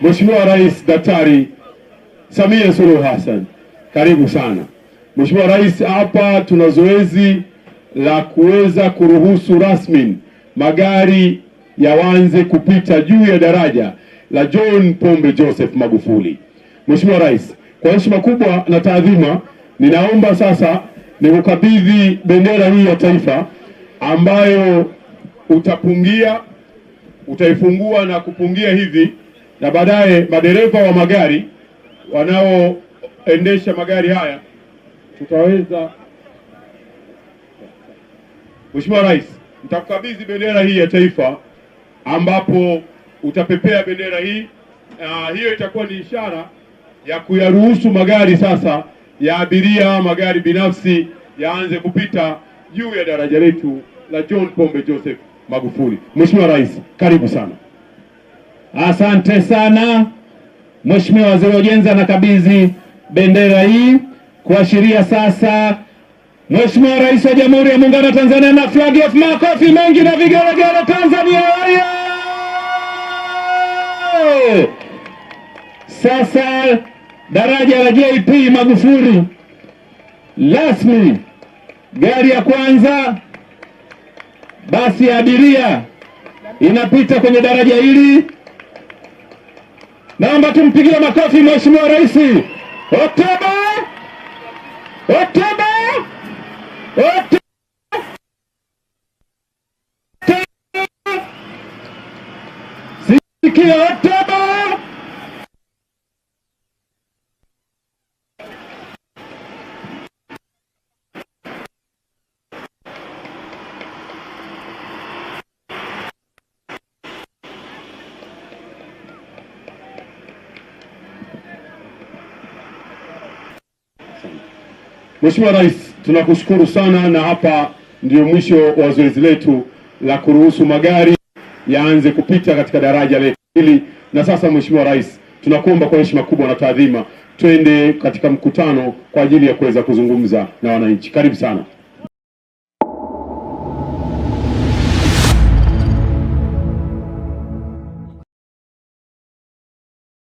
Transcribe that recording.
Mheshimiwa Rais Daktari Samia Suluhu Hassan, karibu sana Mheshimiwa Rais. Hapa tuna zoezi la kuweza kuruhusu rasmi magari yaanze kupita juu ya daraja la John Pombe Joseph Magufuli. Mheshimiwa Rais, kwa heshima kubwa na taadhima, ninaomba sasa nikukabidhi bendera hii ya taifa ambayo utapungia, utaifungua na kupungia hivi na baadaye madereva wa magari wanaoendesha magari haya tutaweza. Mheshimiwa Rais, nitakukabidhi bendera hii ya taifa ambapo utapepea bendera hii na hiyo itakuwa ni ishara ya kuyaruhusu magari sasa ya abiria, magari binafsi yaanze kupita juu ya daraja letu la John Pombe Joseph Magufuli. Mheshimiwa Rais, karibu sana. Asante sana. Mheshimiwa Waziri wa Ujenzi anakabidhi bendera hii kuashiria sasa Mheshimiwa Rais wa Jamhuri ya Muungano wa Tanzania na flag of makofi mengi na vigelegele. Tanzania haya! Sasa daraja la JP Magufuli rasmi, gari ya kwanza, basi ya abiria inapita kwenye daraja hili. Naomba tumpigie makofi Mheshimiwa Rais. Hotuba, hotuba, hotuba. Sikia Mheshimiwa Rais, tunakushukuru sana, na hapa ndio mwisho wa zoezi letu la kuruhusu magari yaanze kupita katika daraja letu hili. Na sasa Mheshimiwa Rais, tunakuomba kwa heshima kubwa na taadhima, twende katika mkutano kwa ajili ya kuweza kuzungumza na wananchi. Karibu sana.